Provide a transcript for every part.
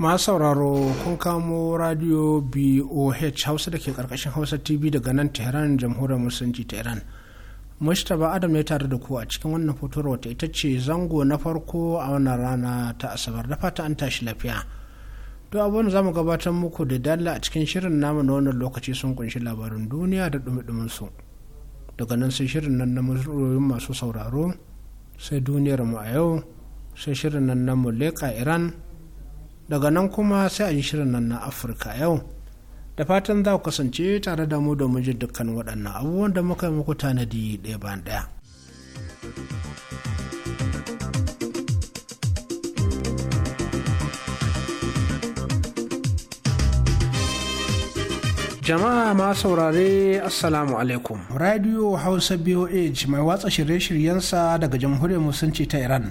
masu sauraro kun kamo radio boh hausa da ke karkashin hausa tv daga nan tehran jamhuriyar musulunci ta iran mustapha adam ne tare da ku a cikin wannan fotowar wata ita ce zango na farko a wannan rana ta asabar da fata an tashi lafiya to abin za mu gabatar muku da dalla a cikin shirin namu na wannan lokaci sun kunshi labarin duniya da dumi su daga nan sai shirin nan na masu sauraro sai duniyar mu a yau sai shirin nan na leka iran daga nan kuma sai a shirin nan na afirka yau da fatan za ku kasance tare da mu domin jin dukkan waɗannan abubuwan da muka yi muku tanadi ɗaya bayan ɗaya jama'a ma saurare assalamu alaikum radio hausa boh mai watsa shirye-shiryensa daga jamhuriyar musulunci ta iran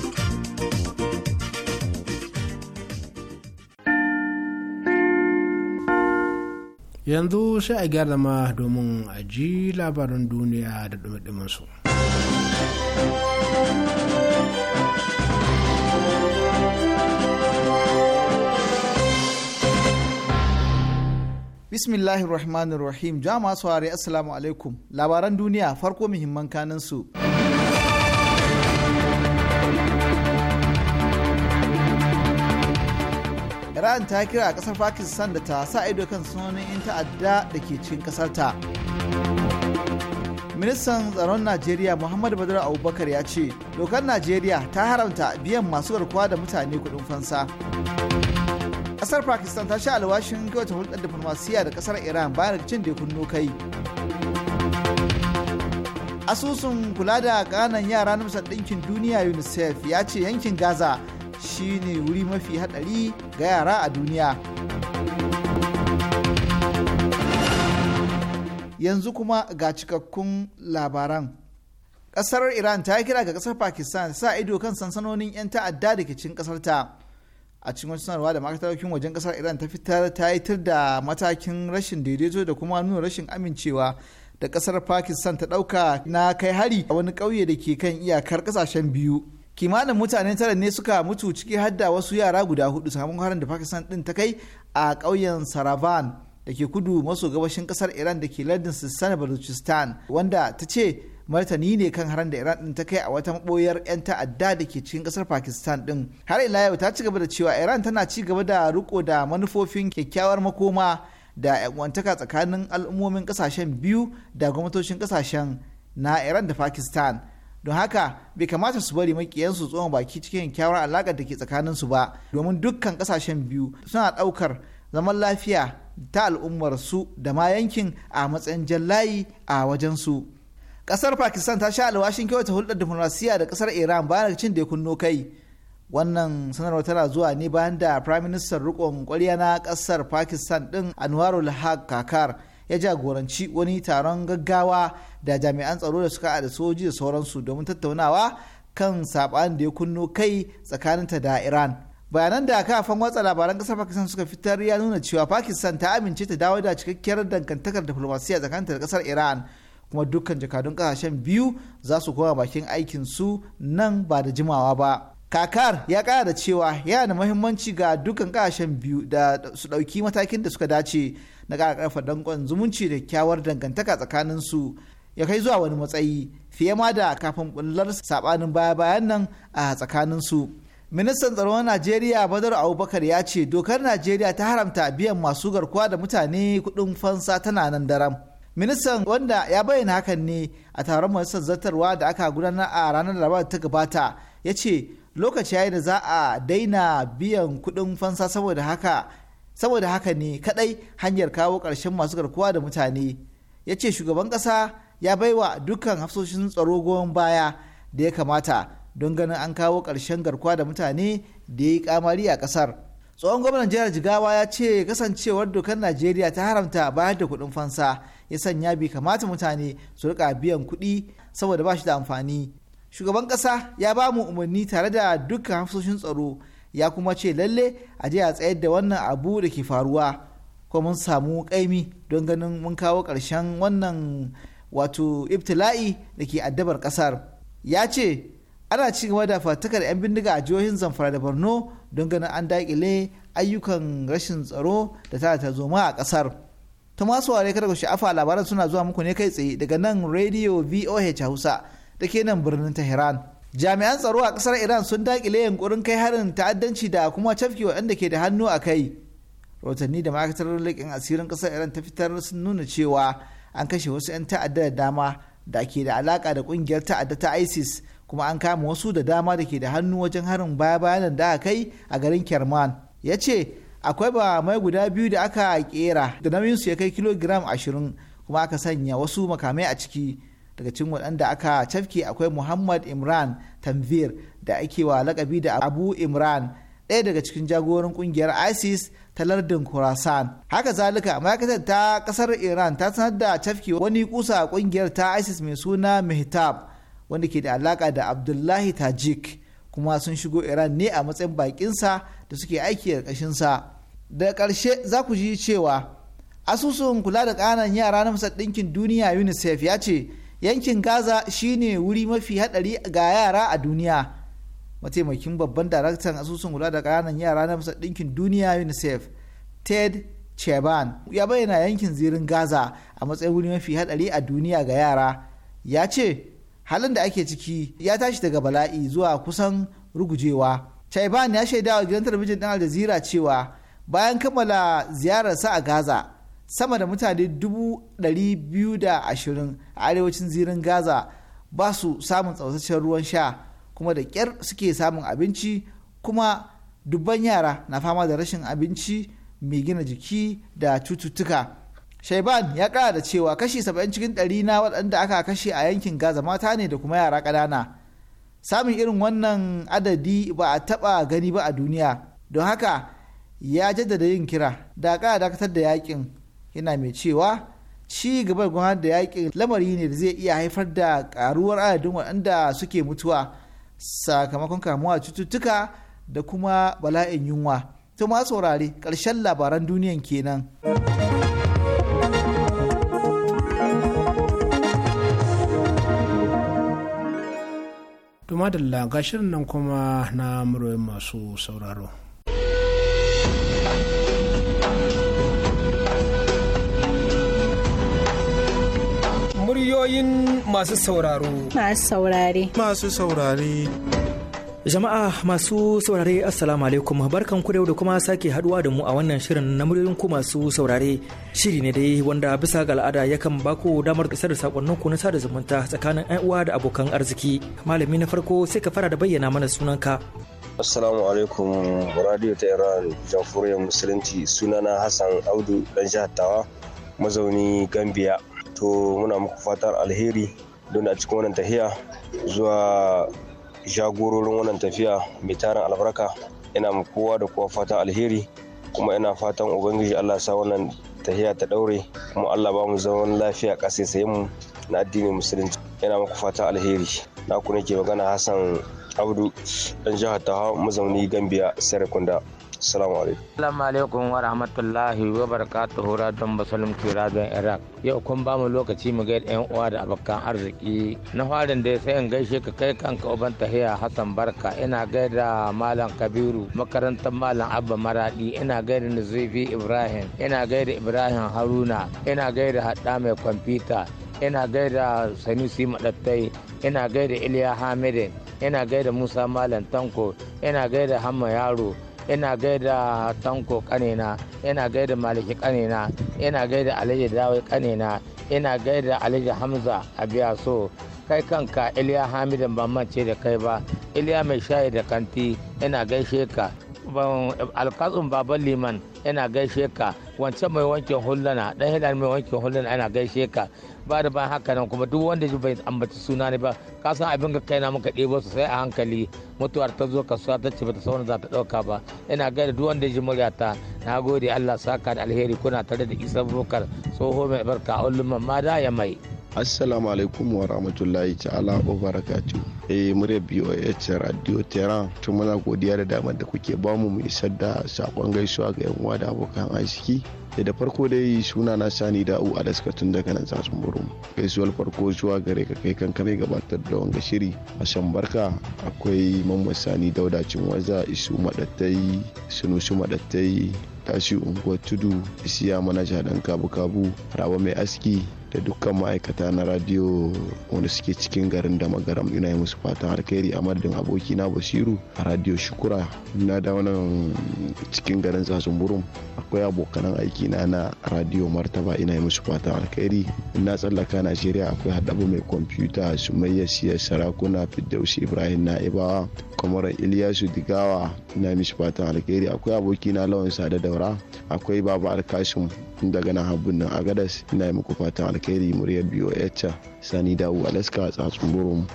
yanzu sai a gyara ma domin a ji labaran duniya da dumi su. bismillahir rahmanir rahim jama'a saurari assalamu alaikum labaran duniya farko muhimman kanin iran ta kira a kasar pakistan da ta sa ido kan sunonin 'yan ta'adda da ke cikin kasar ministan tsaron najeriya muhammadu badar abubakar ya ce dokar najeriya ta haramta biyan masu garkuwa da mutane kuɗin fansa kasar pakistan ta sha alwashin kyauta hulɗar diflomasiyya da kasar iran bayan rikicin da kunno kai asusun kula da ƙananan yara na ɗinkin duniya unicef ya ce yankin gaza shine wuri mafi hadari ga yara a duniya yanzu kuma ga cikakkun labaran kasar iran ta yi kira ga kasar pakistan sa ido kan sansanonin 'yan ta'adda da ke cikin kasar ta a cikin wasu sanarwa da makatarokin wajen kasar iran ta fitar ta tur da matakin rashin daidaito da kuma nuna rashin amincewa da kasar pakistan ta ɗauka na kai hari a wani ƙauye da ke kan iyakar ƙasashen biyu kimanin mutane tara ne suka mutu ciki hadda wasu yara guda hudu samun harin da pakistan din ta kai a ƙauyen saravan da ke kudu maso gabashin kasar iran da ke lardin sistan baluchistan wanda ta ce martani ne kan harin da iran din ta kai a wata maboyar 'yan ta'adda da ke cikin kasar pakistan din har ila yau ta ci gaba da cewa iran tana ci gaba da riko da manufofin kyakkyawar makoma da yan'uwantaka tsakanin al'ummomin kasashen biyu da gwamnatocin kasashen na iran da pakistan don haka bai kamata su bari makiyansu tsohon baki cikin kyawar alaƙar da ke tsakaninsu ba domin dukkan kasashen biyu suna ɗaukar zaman lafiya ta al'ummarsu da ma yankin a matsayin jallayi a wajensu. Ƙasar Pakistan ta sha alwashin kyauta hulɗar demokrasiya da ƙasar Iran bayan cin da ya kunno kai. Wannan sanarwar tana zuwa ne bayan da firaministan Minister riƙon ƙwarya na ƙasar Pakistan ɗin Anwarul Haq Kakar ya jagoranci wani taron gaggawa da jami'an tsaro da suka da soji da sauransu domin tattaunawa kan saɓanin da ya kunno kai tsakaninta da iran bayanan da kafan watsa labaran ƙasar pakistan suka fitar ya nuna cewa pakistan ta amince ta dawo da cikakkiyar dangantakar diflomasiyya tsakaninta da ƙasar iran kuma dukkan jakadun ƙasashen biyu za su koma bakin aikinsu nan ba da jimawa ba kakar ya kara da cewa yana da muhimmanci ga dukkan kasashen biyu da su ɗauki matakin da suka dace na kara karfa danƙon zumunci da kyawar dangantaka tsakanin su ya kai zuwa wani matsayi fiye ma da kafin bullar saɓanin baya-bayan nan a tsakanin su ministan tsaron najeriya badar abubakar ya ce dokar najeriya ta haramta biyan masu garkuwa da mutane kudin fansa tana nan daram ministan wanda ya bayyana hakan ne a taron majalisar zartarwa da aka gudanar a ranar da ta gabata ya ce lokaci yayi da za a daina biyan kuɗin fansa saboda haka saboda haka ne kadai hanyar kawo ƙarshen masu garkuwa da mutane ya ce shugaban ƙasa ya baiwa dukkan hafsoshin tsaro goyon baya da ya kamata don ganin an kawo ƙarshen garkuwa da mutane da ya yi kamari a ƙasar tsohon gwamnan jihar jigawa ya ce kasancewar dokar najeriya ta haramta bayar da kuɗin fansa ya sanya bai kamata mutane su rika biyan kuɗi saboda ba shi da amfani shugaban kasa ya ba mu umarni tare da dukkan hafsoshin tsaro ya kuma ce lalle a je a tsayar da wannan abu da ke faruwa ko mun samu kaimi don ganin mun kawo ƙarshen wannan wato ibtila'i da ke addabar kasar. ya ce ana ci gaba da fatakar 'yan bindiga a jihohin zamfara da borno don ganin an daƙile ayyukan rashin tsaro da ta zoma a kasar. ta masu ware kada ku sha'afa labaran suna zuwa muku ne kai tsaye daga nan radio voh hausa da ke nan birnin tehran jami'an tsaro a kasar iran sun dakile yankurin kai harin ta'addanci da kuma cafke waɗanda ke da hannu a kai rahotanni da ma'aikatar leƙin asirin ƙasar iran ta fitar sun nuna cewa an kashe wasu 'yan ta'adda da dama da ke da alaƙa da ƙungiyar ta'adda ta isis kuma an kama wasu da dama da ke da hannu wajen harin baya bayanan da aka kai a garin kerman ya ce akwai ba mai guda biyu da aka kera da nauyinsu ya kai kilogiram ashirin kuma aka sanya wasu makamai a ciki daga cikin waɗanda aka cafke akwai muhammad imran tamvir da ake wa lakabi da abu imran ɗaya daga cikin jagoran kungiyar isis ta lardin khorasan haka zalika ma'aikatar ta kasar iran ta sanar da cafke wani kusa a ƙungiyar ta isis mai suna mihtab wanda ke da alaƙa da abdullahi tajik kuma sun shigo iran ne a matsayin baƙinsa da suke aiki a sa. da ƙarshe za ku ji cewa asusun kula da ƙananan yara na masar ɗinkin duniya unicef ya ce yankin gaza shine wuri mafi hadari ga yara a duniya mataimakin babban daraktan asusun kula da kananan yara na masar dinkin duniya unicef ted cheban ya bayyana yankin zirin gaza a matsayin wuri mafi hadari a duniya ga yara ya ce halin da ake ciki ya tashi daga bala'i zuwa kusan rugujewa cheban ya shaidawa gidan talabijin dan al jazeera cewa bayan kammala ziyararsa a gaza sama da mutane 220 a arewacin zirin gaza ba su samun tsautacen ruwan sha kuma da kyar suke samun abinci kuma dubban yara na fama da rashin abinci mai gina jiki da cututtuka shaiban ya kara da cewa kashi 70 cikin ɗari na waɗanda aka kashe a yankin gaza mata ne da kuma yara ƙanana samun irin wannan adadi ba a taɓa gani ba a duniya don haka ya jaddada yin kira da ƙara dakatar da yakin yana mai cewa ci gaba gwamnati da yaƙin lamari ne da zai iya haifar da ƙaruwar adadin waɗanda suke mutuwa sakamakon kamuwa cututtuka da kuma bala'in yunwa to ma saurare ƙarshen labaran duniyan kenan. to da ga shirin nan kuma na muryoyin masu sauraro. muryoyin masu sauraro. Masu saurare. Masu saurare. Jama'a masu saurare Assalamu alaikum barkan ku da kuma sake haduwa da mu a wannan shirin na muryoyin ku masu saurare shiri ne dai wanda bisa ga al'ada yakan baku damar isar da sakonnin ku na sada zumunta tsakanin ƴan uwa da abokan arziki malami na farko sai ka fara da bayyana mana sunanka Assalamu alaikum radio ta Iran jamhuriyar musulunci sunana Hassan Audu dan jihar Tawa mazauni Gambia to muna muku fatan alheri don a cikin wannan tafiya zuwa jagororin wannan tafiya mai tarin albarka ina mu kowa da kowa fatan alheri kuma ina fatan ubangiji allah sa wannan tahiya ta daure kuma allah ba mu zaman lafiya sai mu na addinin musulunci ina muku fatan alheri na ku nake magana hassan abdu dan jihar taha mazauni gambia sarakunda Assalamu alaikum. Assalamu alaikum wa rahmatullahi wa barakatuhu don basalim kira don Iraq. Yau kun ba mu lokaci mu ga yan uwa da abokan arziki. Na farin da sai in gaishe ka kai kanka uban tahiya Hassan Barka ina gaida Malam Kabiru makarantar Malam Abba Maradi ina gaida Nazifi Ibrahim ina gaida Ibrahim Haruna ina gaida Hadda mai kwamfuta ina gaida Sanusi Madattai ina gaida Iliya Hamidin ina gaida Musa Malam Tanko ina gaida Hamma Yaro yana gaida tanko kanena yana gaida maliki kanena yana gaida alhaji dawai kanena yana gaida alhaji hamza a biya so kai kanka iliya hamidan ban mance da kai ba iliya mai shayi da kanti yana gaishe ka alkatsun baban liman yana gaishe ka wancan mai wankin hullana dan hilal mai wankin hulana yana gaishe ka ba da ban haka nan kuma duk wanda bai ambaci suna ne ba ka san abin ka kaina muka ɗebo su sai a hankali mutuwar ta zo kasuwa ta ce bata sauna za ta ɗauka ba yana gaida duk wanda ji muryata na gode Allah saka da alheri kuna tare da Isa Bukar tsoho mai barka a ulumman ma da ya mai. assalamu alaikum wa rahmatullahi ta'ala wa barakatu eh murya BOH radio terrain tun muna godiya da damar da kuke bamu mu isar da sakon gaisuwa ga yan uwa da abokan arziki da eh, da farko dai suna na sani da'u a daskatun daga nan tsatsun burum gaisuwar farko zuwa gare ka kai kanka mai gabatar da wanga shiri a shan barka akwai mamman sani daudacin waza isu madattai sunusu madattai tashi unguwar tudu isiya manaja dan kabu kabu rawa mai aski da dukkan ma'aikata na radio wanda suke cikin garin da magaram ina yi musu fatan alkhairi a madadin abokina basiru a radio shukura na da wannan cikin garin zazumburum akwai abokanan aiki na na radio martaba ina yi musu fatan alkhairi na tsallaka najeriya akwai haɗabu mai kwamfuta su sumayya siyar sarakuna firdausi ibrahim na'ibawa kwamaran iliyasu digawa ina yi musu fatan alkhairi akwai aboki na lawan sada daura akwai baba alkashin daga nan habbun nan agadas ina yi muku fatan alkhairi muryar biyo sani dawu alaska tsatsun burum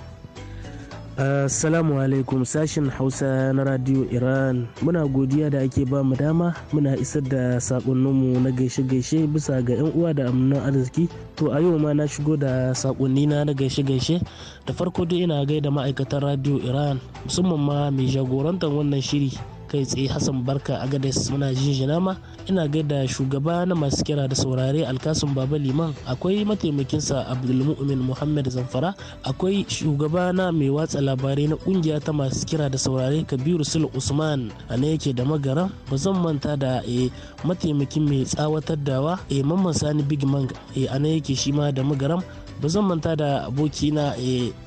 Assalamu alaikum sashen Hausa na Radio Iran. Muna godiya da ake ba mu dama muna isar da sakonninmu na gaishe-gaishe bisa ga 'yan uwa da amnan arziki. To a yau ma na shigo da sakonni na na gaishe-gaishe. Da farko dai ina gaida ma'aikatan Radio Iran musamman ma mai jagorantar wannan shiri. kai tsaye hassan barka a agades muna jinjina ma ina gaida shugaba na masu kira da saurare alkasun baba liman akwai mataimakinsa abdulmu'min muhammad zamfara akwai shugaba na mai watsa labarai na kungiya ta masu kira da saurare kabiru sul usman a na yake da magara ba zan manta da eh, mataimakin mai tsawatar dawa e, mamman sani big man eh, a na yake shi ma da magaram ba zan manta da abokina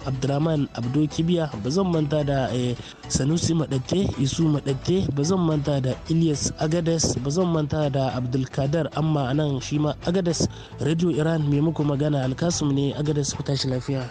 abdulrahman abdo kibiya ba zan manta da sanusi madatte isu madatte Kante ba zan manta da ilyas agadas ba zan manta da abdulkadar amma anan shi ma agadas radio iran mai muku magana alkasum ne agadas ku tashi lafiya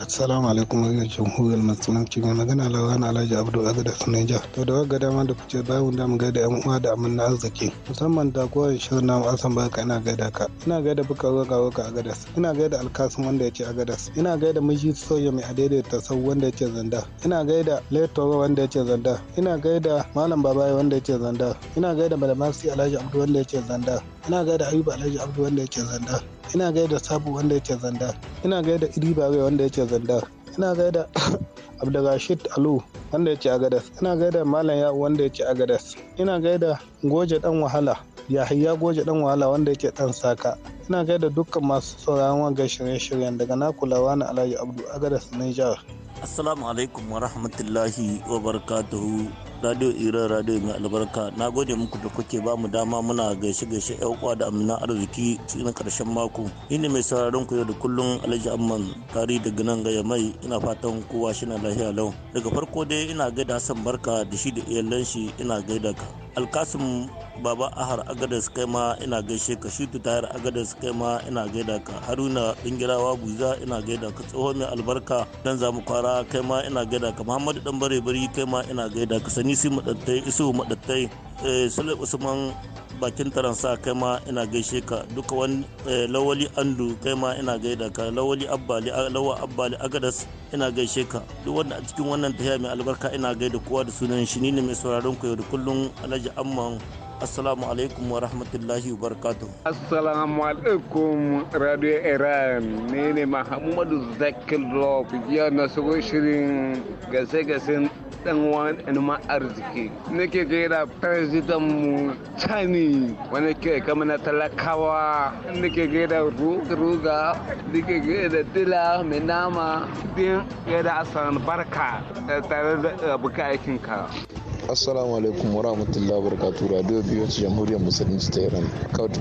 Assalamu alaikum wa jamhuriyar musulunci mai magana na Alhaji Abdul Aziz da Sunaija. To da wagga dama da kuce babu da mu gaida yan uwa da na arziki musamman da kowa shirin namu Hassan Barka ina gaida ka. Ina gaida buka roka-roka a gadas. Ina gaida alƙasun wanda ya ce a gadas. Ina gaida miji soya mai ta sau wanda ya ce zanda. Ina gaida Letoro wanda ya ce zanda. Ina gaida Malam Babaye wanda ya ce zanda. Ina gaida Malamasi Alhaji Abdul wanda ya ce zanda. Ina gaida Ayuba Alhaji Abdul wanda ya ce zanda. ina gaida sabu wanda yake zanda ina gaida idibare wanda yake zanda ina gaida abdulrashid alu wanda yake agadas ina gaida malam ya wanda yake agadas ina gaida goje dan wahala yahiya goje dan wahala wanda yake dan saka ina gaida dukkan masu sauraron wanga shirye-shiryen daga na kulawa na alhaji abdu agadas niger assalamu alaikum wa rahmatullahi wa barakatuhu radio iran radio mai albarka na gode muku da kuke ba mu dama muna gaishe gaishe yan uwa da amina arziki cikin karshen mako ni ne mai sauraron ku yau da kullum alhaji amman tari daga nan gaya mai ina fatan kowa shi na lafiya lau daga farko dai ina gaida hassan barka da shi da iyalan shi ina gaida ka alkasim baba ahar agadas kai ma ina gaishe ka shutu tayar agadas kai ma ina gaida ka haruna dingirawa buza ina gaida ka tsoho mai albarka dan zamu kwara kai ma ina gaida ka muhammadu dan bare bari kai ma ina gaida ka nisi Madattai, Isu Madattai, eh, Sule Usman bakin taransa kai ma ina gaishe ka duka wani eh, lawali andu kai ma ina gaida ka lawali abbali lawa abbali agadas ina gaishe ka duk wanda a cikin wannan tafiya mai albarka ina gaida kowa da sunan shi ne mai sauraron ku yau da kullun alhaji amman assalamu alaikum wa rahmatullahi wa barakatu assalamu alaikum radio iran ne ne mahammadu zakir love ya na shigo shirin gase gase dan wan enuma arziki nake gaida president mu chani wani ke kama na talakawa ke gaida ruga ke gaida dila mai nama din gaida asan barka tare da bukaikin aikinka assalamu alaikum wa rahmatullahi wa barakatuh radio biyu jamhuriyar musulunci ta iran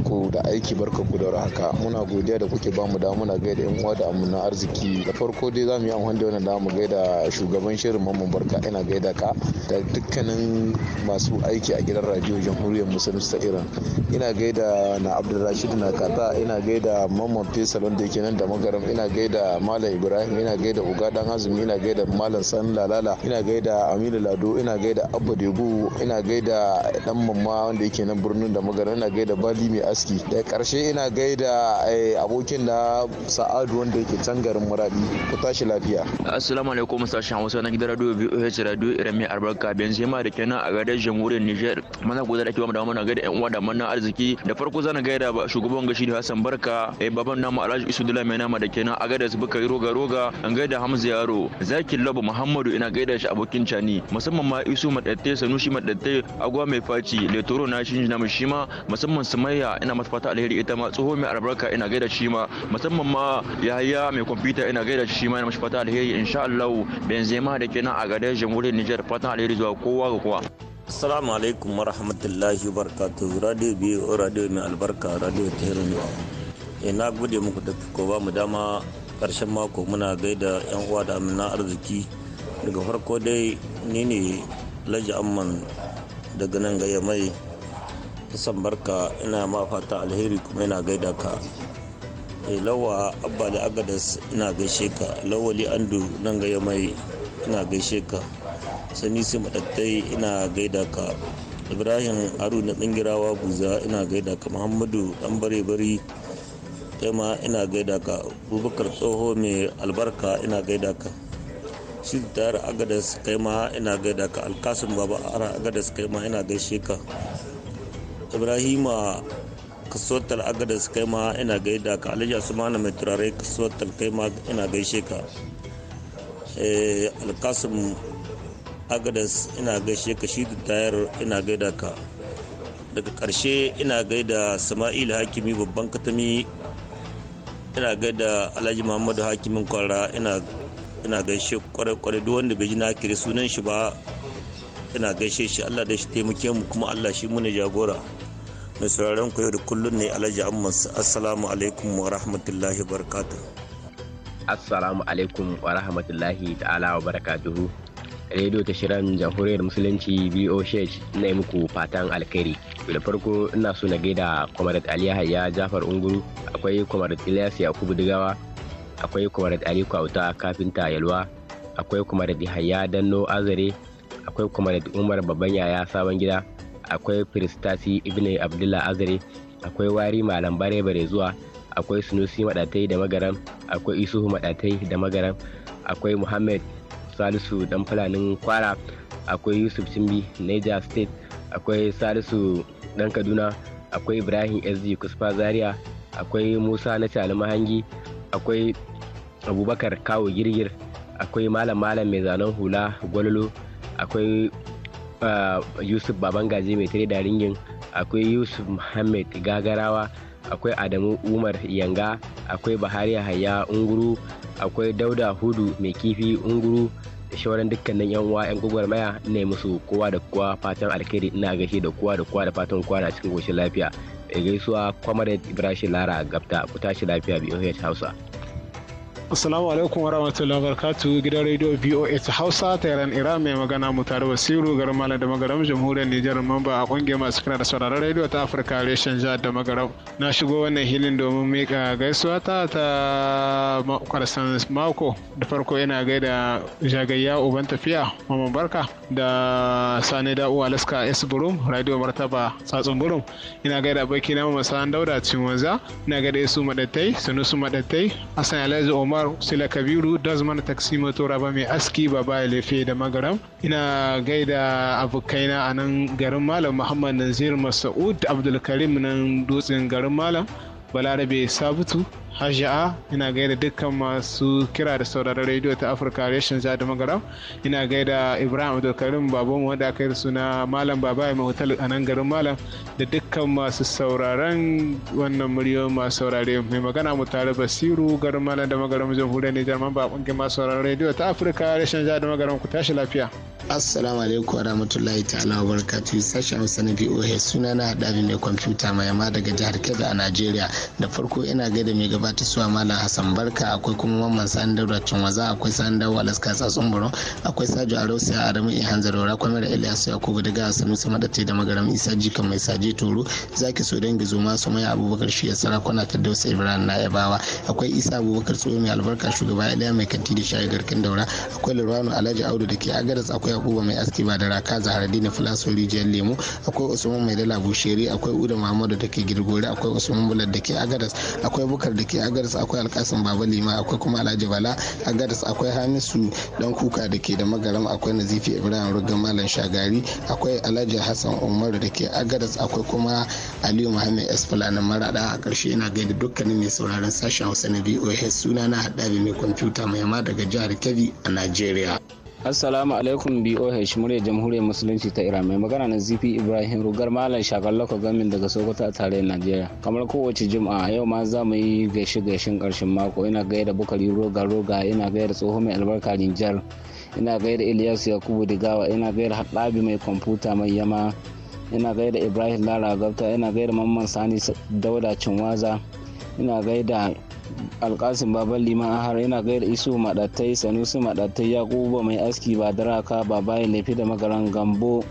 ku da aiki barka ku da haka muna godiya da kuke bamu da muna gaida yan uwa da na arziki da farko dai zamu yi amfani da wannan da mu gaida shugaban shirin mamman barka ina gaida ka da dukkanin masu aiki a gidan radio jamhuriyar musulunci ta iran ina gaida na abdulrashid na kata ina gaida mamman fesa wanda yake nan da magaram ina gaida malam ibrahim ina gaida uga dan azumi ina gaida malam san lalala ina gaida aminu lado ina gaida abu badego ina gaida dan mamma wanda yake nan birnin da magana ina gaida bali mai aski da karshe ina gaida eh, abokin na sa'adu wanda yake can garin muradi ku tashi lafiya assalamu alaikum sashen hausa na gidan radio VOH radio Irami Albarka Benzi ma da kenan a gadar jamhuriyar Niger mana gudar ake kiwon da mana gaida yan uwa da manna arziki da farko zan gaida shugaban gashi da Hassan Barka eh, baban namu Alhaji Isu Dula mai nama da kenan a gadar Bukari Roga Roga an gaida Hamza Yaro Zaki Labu Muhammadu ina gaida shi abokin Cani musamman ma Isu Madat madattai sanushi madattai agwa mai faci toro na shi na shi ma musamman sumayya ina mata fata alheri ita ma tsoho mai albarka ina gaida shi ma musamman ma yahaya mai kwamfuta ina gaida shi ma ina mashi fata alheri insha Allah benzema da nan a gadar jamhuriyar Niger fatan alheri zuwa kowa ga kowa Assalamu alaikum wa rahmatullahi wa radio biyu radio mai albarka radio tehran ina eh, gode muku da ko ba mu dama karshen mako muna gaida yan uwa da amina arziki daga farko dai ni ne alhaji amman daga nan gaya mai ta barka ina ma fata alheri kuma ina gaida ka eh, lawa abba da agadas ina gaishe ka lawali andu nan gaya mai ina gaishe ka sani su madattai ina gaida ka ibrahim haruna tsingirawa buza ina gaida ka muhammadu dan bare bari kai ina gaida ka bubakar tsoho mai albarka ina gaida ka shi da su kai ma ina da ka alkasim baba ara su kai ma ina gai ka ibrahima agada su kai ma ina da ka alhaji asmanu mai turare kasuwatar kai ma ina gaishe ka eh, alkasim agadas ina gaishe ka shi tayar ina gaida ka daga ƙarshe ina gaida sama'il hakimi babban katami ina gaida alhaji muhammadu hakimin kwara ina ina gaishe kwarai-kwarai duk wanda bai ji na kire sunan shi ba ina gaishe shi Allah da shi taimake mu kuma Allah shi mu ne jagora mai sauraron ku yau da kullun ne Alhaji amma assalamu alaikum wa rahmatullahi wa barakatuh assalamu alaikum wa rahmatullahi ta'ala wa barakatuhu rediyo ta shirin jamhuriyar musulunci BOSH na yi muku fatan alkhairi da farko ina so na gaida kwamarat aliya ya jafar unguru akwai kwamarat ilyas yakubu digawa akwai kuma da ali kwauta kafinta yalwa akwai kuma da yahaya danno azare akwai kuma da umar babban yaya sabon gida akwai firistasi ibn abdullah azare akwai wari malam bare bare zuwa akwai sunusi madatai da magaran akwai isuhu madatai da magaran akwai muhammad salisu dan fulanin kwara akwai yusuf cimbi niger state akwai salisu dan kaduna akwai ibrahim sg kusfa zaria akwai musa na cali mahangi akwai abubakar kawo girgir akwai malam malam mai zanen hula gwalolo akwai uh, yusuf gaji mai tare da ringin akwai yusuf muhammad gagarawa akwai adamu umar yanga akwai bahari haya unguru akwai dauda hudu mai kifi unguru da shawarar dukkanin yan uwa yan gwagwarmaya ne musu kowa da kowa fatan alkhairi ina gaishe da kowa da kowa da fatan kowa na cikin goshin lafiya gaisuwa comrade ibrahim lara gabta ku tashi lafiya biyu hausa Asalamu alaikum wa rahmatullahi wa barakatuh gidan rediyo BOH Hausa ta yaran Iran mai magana mu tare Basiru garin Malam da Magaram jamhuriyar Nijar mamba a kungiyar masu kira da sauraron rediyo ta Afirka reshen jihar da Magaram. Na shigo wannan hilin domin mika gaisuwa ta ta karsan mako da farko ina gaida jagayya uban tafiya Maman Barka da Sani da uwa Alaska S Burum Radio Martaba Tsatsun Burum ina gaida baki na Mamman Sa'an Dauda Wanzar. ina gaida su madatai Sanusu madatai Hassan Alhaji Omar Umar Sula kabiru taksi taksimoto raba mai aski ba baya lefe da magaram ina gaida abokaina a nan garin malam muhammad nazir masa'ud abdulkarim nan dutsen garin malam balarabe sabutu hajiya ina gaida dukkan masu kira da sauraron rediyo ta afirka reshen jihar da magaram ina gaida ibrahim abdulkarim babanmu wanda aka yi suna malam baba mai hotel a nan garin malam da dukkan masu sauraron wannan muryo masu saurare mai magana mu tare basiru garin malam da magaram jamhuriyar nijar man ba kungin masu sauraron rediyo ta afirka reshen jihar da magaram ku tashi lafiya assalamu alaikum wa rahmatullahi ta'ala wa barakatuhu sashen sanin na boh suna na haɗari mai kwamfuta mai daga jihar kebbi a najeriya da farko ina gaida mai suwa malam hassan barka akwai kuma mamman sandarwa cinwaza akwai sandar alaska tsatsun buro akwai sajo arosi a adamu ihan zarora kwamar ilyasu kogo daga su madatai da magaram isa jika mai saje toro zaki so dangi zo masu mai abubakar shi ya sarakuna ta dausa ibrahim na yabawa akwai isa abubakar tsohon mai albarka shugaba iliya mai kanti da shayi garkin daura akwai lurwano alhaji audu da ke agaras akwai yakuba mai aski ba da raka zaharadi na filaso rijiyar lemu akwai usman mai dala bushiri akwai uda muhammadu da ke girgore akwai usman bulat da ke agaras akwai bukar da ke agaris akwai alkasin baba lima akwai kuma alhaji bala a agaris akwai hamisu dan kuka da ke da magaram akwai nazifi ibrahim rugga malam shagari akwai alhaji hassan umar da ke agaris akwai kuma aliyu muhammad s Maraɗa marada a ƙarshe ina gaida dukkanin mai sauraron sashen hausa na boh suna na haɗa mai kwamfuta mai daga jihar kebbi a najeriya Assalamu alaikum BOH murya jamhuriyar musulunci ta Iran mai magana na ZP Ibrahim Rugar Malam Shagallako Gamin daga Sokoto a tarayyar Najeriya. Kamar kowace Juma'a yau ma za mu yi gaishe gaishen ƙarshen mako ina gaida Bukari Roga Roga ina gaida tsoho mai albarka Rinjar ina gaida Ilyas Yakubu Digawa ina gaida Haɗabi mai kwamfuta mai yama ina gaida Ibrahim Lara gabta ina gaida Mamman Sani Dauda Cinwaza ina gaida alkasin baban liman har yana gaida iso maɗatai sanusi maɗatai yakubu mai aski ba daraka ba bayan laifi da magaran gambo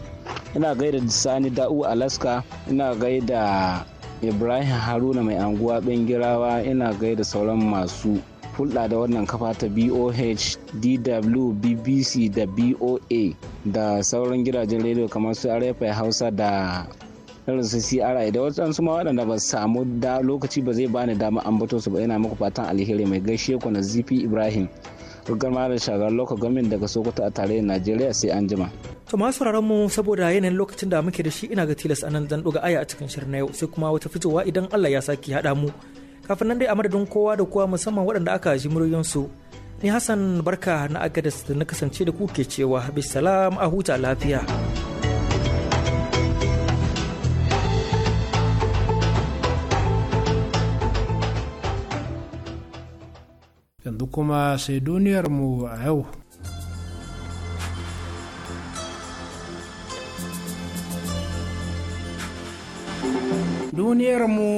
ina gaida sani da'u alaska ina gaida ibrahim haruna mai anguwa bengirawa ina gaida sauran masu hulɗa da wannan kafa ta boh dw bbc da boa da sauran gidajen rediyo kamar su rfi hausa da irin su CRI da wasu ma waɗanda ba samu da lokaci ba zai bani dama ambato su ba yana muku fatan alheri mai gaishe ku na ZP Ibrahim rugar ma da shagar loka daga Sokoto a tarayyar Najeriya sai an jima. To masu mu saboda yanayin lokacin da muke da shi ina ga tilas anan zan ɗuga aya a cikin shirin na yau sai kuma wata fitowa idan Allah ya saki haɗa mu. Kafin nan dai a madadin kowa da kowa musamman waɗanda aka ji muryoyinsu. Ni Hassan Barka na Agadas da na kasance da ku ke cewa bisalam a huta lafiya. yanzu kuma sai duniyarmu a yau duniyarmu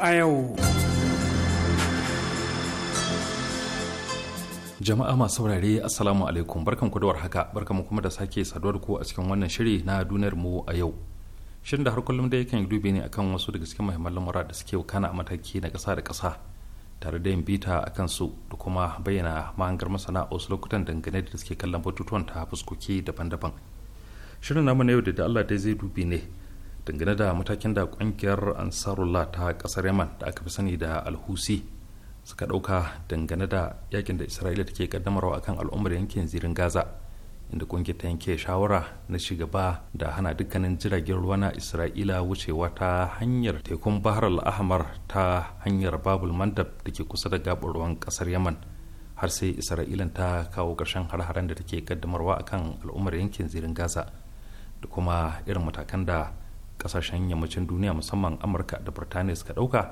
a yau jama'a masu saurare assalamu alaikum barkan ku da warhaka barkan kuma da sake saduwar ku a cikin wannan shiri na duniyar mu a yau shirin da har kullum da yakan dubi ne akan wasu daga cikin muhimman lamura da suke kana a mataki na ƙasa da kasa. tare da yin bita a kansu da kuma bayyana mahangar masana a wasu lokutan dangane da suke kallon batutuwan ta fuskoki daban-daban shirin namu na yau da allah dai zai dubi ne dangane da matakin da kungiyar ansarullah ta kasar yaman da aka fi sani da alhusi suka dauka dangane da yakin da isra'ila take kaddamarwa akan al'ummar yankin zirin gaza inda kungiyar ta yanke shawara na ci gaba da hana dukkanin jiragen ruwa na isra'ila wucewa ta hanyar tekun bahar al-ahmar ta hanyar babul mandab da ke kusa da gabar ruwan kasar yaman har sai isra'ila ta kawo ƙarshen har-haren da take kaddamarwa akan al'ummar yankin zirin gaza da kuma irin matakan da kasashen yammacin duniya musamman amurka da birtaniya suka ɗauka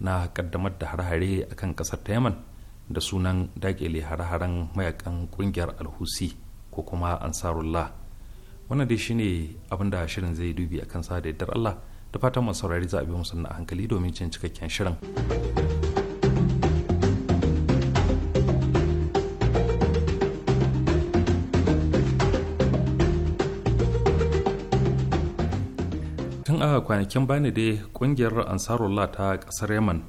na kaddamar da har-hare akan kasar ta yaman da sunan dakile har-haren mayakan kungiyar alhusi ko kuma ansarullah wannan dai shine abin da shirin zai dubi akan sa da yaddar allah da fatan masu saurari za a bi musu a hankali domin cin cikakken shirin tun a kwanakin bani dai kungiyar ansarullah ta kasar yaman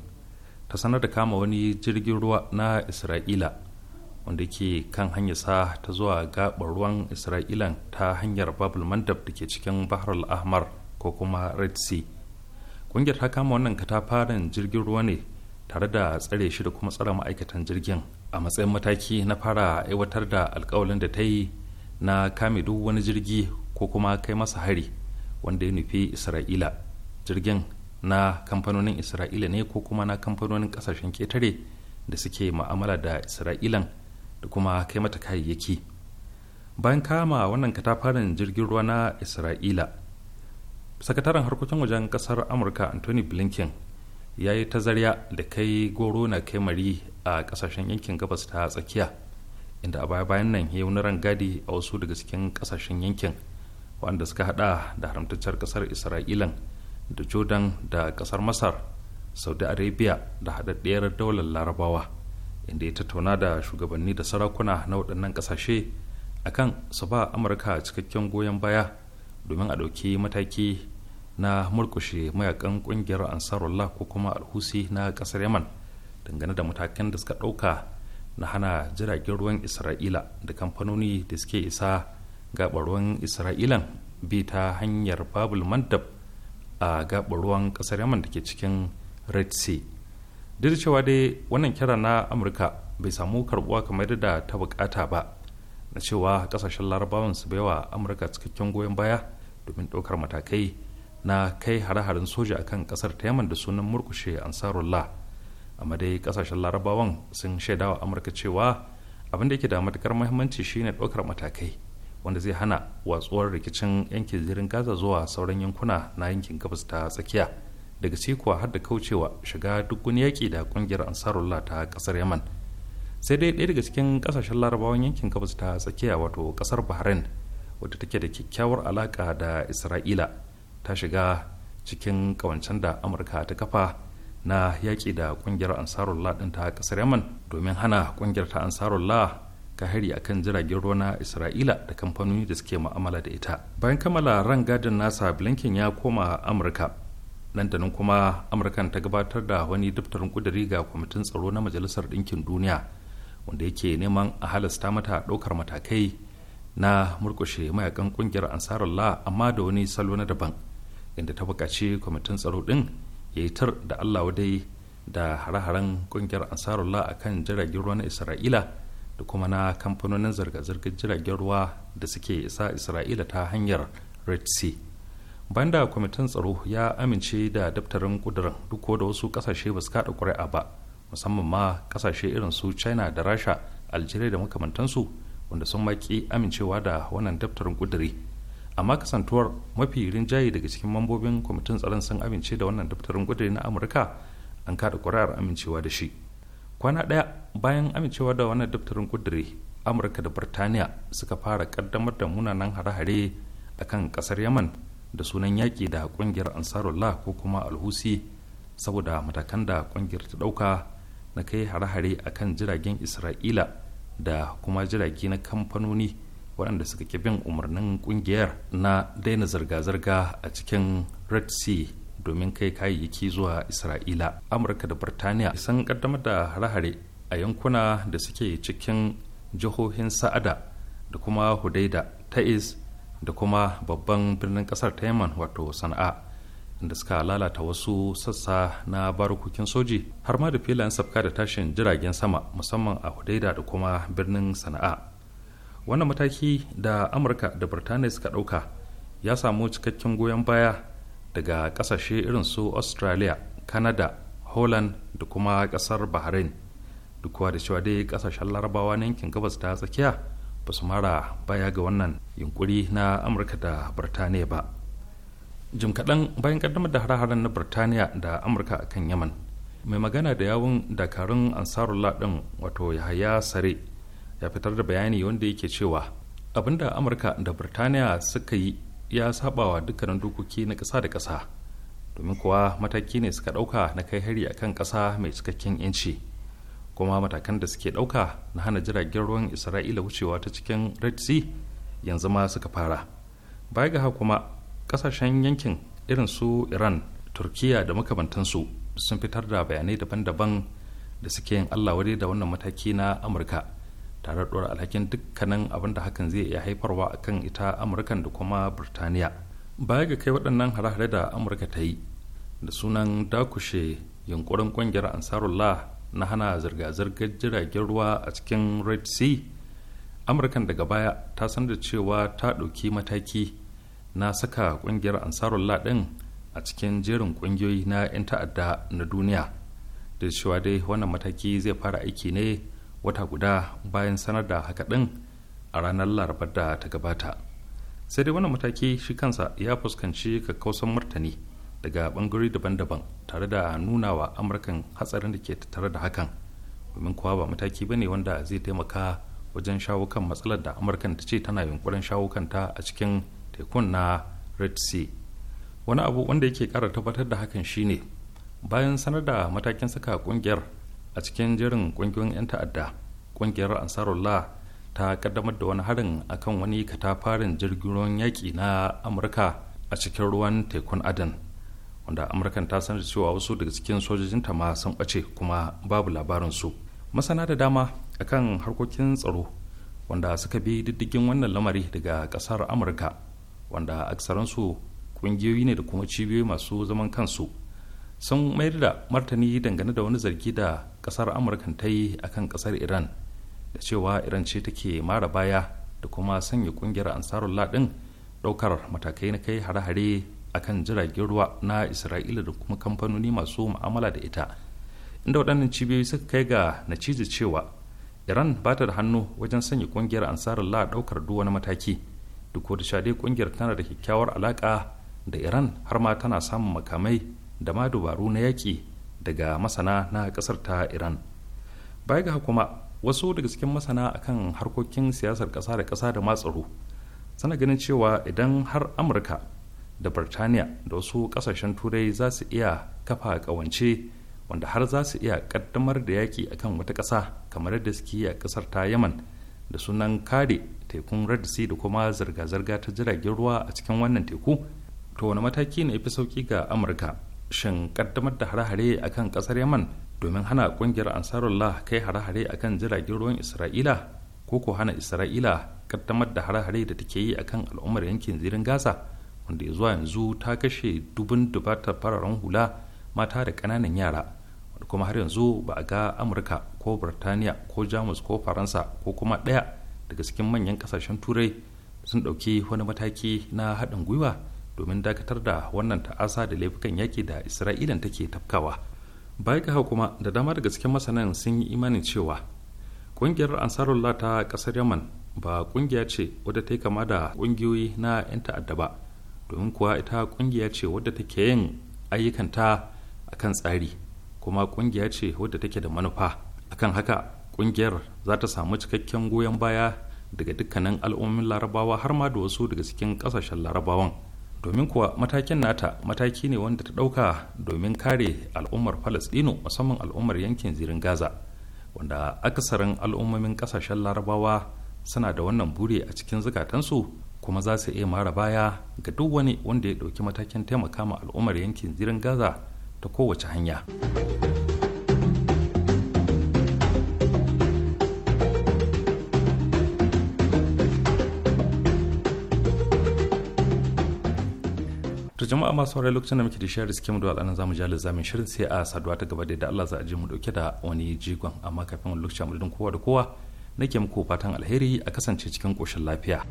ta sanar da kama wani jirgin ruwa na isra'ila wanda ke kan sa ta zuwa gaɓar ruwan isra'ilan ta hanyar babul mandab da ke cikin bahar al-ahmar ko kuma red sea ƙungiyar ta kama wannan katafaren jirgin ruwa ne tare da tsare shi da kuma tsare ma'aikatan jirgin a matsayin mataki na fara aiwatar da alkawalin da ta yi na kame duk wani jirgi ko kuma kai masa hari wanda ya nufi isra'ila jirgin na kamfanonin isra'ila ne ko kuma na kamfanonin kasashen ketare da suke ma'amala da isra'ilan da kuma kai mata kayayyaki bayan kama wannan katafaren jirgin ruwa na isra'ila sakataren harkokin wajen kasar amurka anthony blinken ya yi tazarya da kai goro na kai mari a kasashen yankin gabas ta tsakiya inda a baya bayan nan ya wani rangadi a wasu daga cikin kasashen yankin wanda suka hada da haramtacciyar kasar isra'ilan da jordan da kasar masar saudi arabia da haɗaɗɗiyar daular larabawa inda ya tattauna da shugabanni da sarakuna na waɗannan ƙasashe a kan su ba amurka cikakken goyon baya domin a ɗauki mataki na murkushe mayakan ƙungiyar ansarullah ko kuma alhusi na ƙasar yaman dangane da matakan da suka ɗauka na hana jiragen ruwan isra'ila da kamfanoni da suke isa gaɓar ruwan isra'ilan bi ta hanyar babul mandab a gaɓar ruwan ƙasar yaman da ke cikin red sea duk da cewa dai wannan kira na amurka bai samu karbuwa kamar da ta bukata ba na cewa kasashen larabawan su baiwa amurka cikakken goyon baya domin ɗaukar matakai na kai hare-haren soja akan kasar ta yaman da sunan murkushe ansarullah amma dai kasashen larabawan sun shaida wa amurka cewa abin da yake da matukar muhimmanci shine ɗaukar matakai wanda zai hana watsuwar rikicin yankin zirin gaza zuwa sauran yankuna na yankin gabas ta tsakiya daga sikuwa har da kaucewa shiga duk wani yaƙi da ƙungiyar ansarullah ta ƙasar yaman sai dai ɗaya daga cikin ƙasashen larabawan yankin gabas ta tsakiya wato ƙasar bahrain wadda take da kyakkyawar alaƙa da isra'ila ta shiga cikin ƙawancen da amurka ta kafa na yaƙi da ƙungiyar ansarullah ɗin ta ƙasar yaman domin hana ƙungiyar ta ansarullah ka hari a kan jiragen ruwa na isra'ila da kamfanoni da suke ma'amala da ita bayan kammala ran gadin nasa blinken ya koma amurka nan da nan kuma amurkan ta gabatar da wani daftarin kudiri ga kwamitin tsaro na majalisar ɗinkin duniya wanda yake neman a halasta mata ɗaukar matakai na murkushe mayakan ƙungiyar ansarallah amma da wani salo na daban inda ta buƙaci kwamitin tsaro ɗin ya yi tar da allah wadai da hare-haren ƙungiyar ansarallah a kan jiragen ruwa na isra'ila da kuma na kamfanonin zirga-zirgar jiragen ruwa da suke isa isra'ila ta hanyar red sea banda kwamitin tsaro ya amince da daftarin kudirin duk da wasu kasashe ba su kada ƙuri'a ba musamman ma kasashe irin su china da rasha algeria da makamantansu wanda sun maki amincewa da wannan daftarin kuduri amma kasantuwar mafi rinjaye daga cikin mambobin kwamitin tsaron sun amince da wannan daftarin kuduri na amurka an kada ƙuri'ar amincewa da shi kwana ɗaya bayan amincewa da wannan daftarin kuduri amurka da birtaniya suka fara ƙaddamar da munanan hare-hare akan ƙasar yaman da sunan yaƙi da ƙungiyar ansarullah ko kuma alhusi saboda matakan da ƙungiyar ta ɗauka na kai hare-hare a kan jiragen isra'ila da kuma jirage na kamfanoni waɗanda suka ki bin umarnin ƙungiyar na daina zirga-zirga a cikin red sea domin kai kayayyaki zuwa isra'ila amurka da birtaniya sun ƙaddamar da hare-hare a yankuna da suke cikin jihohin sa'ada da kuma hudaida ta'is da kuma babban birnin kasar ta wato sana'a inda suka lalata wasu sassa na barukukin soji har ma da filayen safka da tashin jiragen sama musamman a hudaida da kuma birnin sana'a wannan mataki da amurka da birtaniya suka ɗauka ya samu cikakken goyon baya daga kasashe irin su australia canada holland da kuma ƙasar bahrain duk da cewa dai ƙasashen larabawa na yankin gabas ta tsakiya ba su mara baya ga wannan yunkuri na amurka da birtaniya ba jim kaɗan bayan kaddamar da hare-haren na birtaniya da amurka a kan yaman mai magana da yawun dakarun ansarullah ɗin wato yahaya sare ya fitar da bayani wanda yake cewa da amurka da birtaniya suka yi ya sabawa dukkanin dokoki na ƙasa da ƙasa domin kuwa mataki ne suka ɗauka na kai hari akan ƙasa mai cikakken 'yanci. kuma matakan da suke ɗauka na hana jiragen ruwan isra'ila wucewa ta cikin red sea yanzu ma suka fara baya ga kuma kasashen yankin irin su iran turkiya da makamantansu sun fitar da bayanai daban-daban da suke yin allah wadai da wannan mataki na amurka tare da ɗora alhakin dukkanin abin da hakan zai iya haifarwa akan ita amurkan da kuma birtaniya baya ga kai waɗannan hare-hare da amurka ta yi da sunan dakushe yunkurin ƙungiyar ansarullah na hana zirga-zirgar jiragen ruwa a cikin red sea amurkan daga baya ta san da cewa ta ɗauki mataki na saka ƙungiyar ansarar ladin a cikin jerin ƙungiyoyi na 'yan ta'adda na duniya da cewa dai wannan mataki zai fara aiki ne wata guda bayan sanar da haka ɗin a ranar larabar da ta gabata sai dai wannan mataki shi kansa ya fuskanci kakkausan martani daga bangarori daban-daban tare da nuna wa amurkan hatsarin da ke tattare da hakan domin kuwa ba mataki ba ne wanda zai taimaka wajen shawo kan matsalar da amurkan ta ce tana yunkurin shawo kanta a cikin tekun na red sea wani abu wanda yake kara tabbatar da hakan shine bayan sanar da matakin saka kungiyar a cikin jerin kungiyoyin 'yan ta'adda kungiyar ansarullah ta kaddamar da wani harin akan wani katafarin jirgin ruwan yaƙi na amurka a cikin ruwan tekun adan wanda amurkan ta sanar cewa wasu daga cikin sojojinta ma sun ɓace kuma babu labarin su masana da dama akan harkokin tsaro wanda suka bi diddigin wannan lamari daga ƙasar amurka wanda aksaransu ƙungiyoyi ne da kuma cibiyoyi masu zaman kansu sun mayar da martani dangane da wani zargi da ƙasar amurkan ta yi akan ƙasar iran da cewa iran ce take mara baya da kuma sanya ƙungiyar ansarullah ɗin ɗaukar matakai na kai hare-hare akan jiragen ruwa na isra'ila da kuma kamfanoni masu mu'amala da ita inda waɗannan cibiyoyi suka kai ga nacije cewa iran ba ta da hannu wajen sanya ƙungiyar la ɗaukar duk wani mataki duk da sha dai ƙungiyar tana da kyakkyawar alaƙa da iran har ma tana samun makamai da ma dubaru na yaƙi daga masana na ƙasar ta iran baya ga kuma wasu daga cikin masana akan harkokin siyasar ƙasa da ƙasa da ma tsaro sana ganin cewa idan har amurka da birtaniya da wasu kasashen turai za su iya kafa kawance wanda har za su iya kaddamar da yaƙi akan wata ƙasa kamar yadda suke a ƙasar ta yaman da sunan kare tekun red sea da kuma zirga-zirga ta jiragen ruwa a cikin wannan teku to wani mataki ne fi sauki ga amurka shin kaddamar da hare-hare akan ƙasar yaman domin hana ƙungiyar ansarullah kai hare-hare akan jiragen ruwan isra'ila ko ko hana isra'ila kaddamar da hare-hare da take yi akan al'ummar yankin zirin gaza wanda ya zuwa yanzu ta kashe dubun dubatar fararen hula mata da ƙananan yara wanda kuma har yanzu ba a ga amurka ko birtaniya ko jamus ko faransa ko kuma ɗaya daga cikin manyan ƙasashen turai sun ɗauki wani mataki na haɗin gwiwa domin dakatar da wannan ta'asa da laifukan yaƙi da isra'ila take tafkawa baya ga kuma da dama daga cikin masanan sun yi imanin cewa ƙungiyar ansarullah ta ƙasar yaman ba ƙungiya ce wadda ta yi kama da ƙungiyoyi na 'yan ta'adda ba domin kuwa ita kungiya ce wadda take yin ayyukanta a kan tsari kuma kungiya ce wadda take da manufa akan haka kungiyar za ta samu cikakken goyon baya daga dukkanin al'ummin larabawa har ma da wasu daga cikin kasashen larabawan domin kuwa matakin nata mataki ne wanda ta ɗauka domin kare al'ummar falastino musamman al'ummar yankin zirin gaza wanda akasarin al'ummomin kasashen larabawa suna da wannan buri a cikin zukatansu kuma za su iya mara baya ga duk wani wanda ya dauki matakin taimaka ma al'ummar yankin zirin gaza ta kowace hanya to jama'a masu saurayi lokacin da muke da shirin skim da wadannan zamu jali zamin shirin sai a saduwa ta gaba da da Allah za a ji mu dauke da wani jigon amma kafin wani lokacin mu kowa da kowa nake muku fatan alheri a kasance cikin koshin lafiya.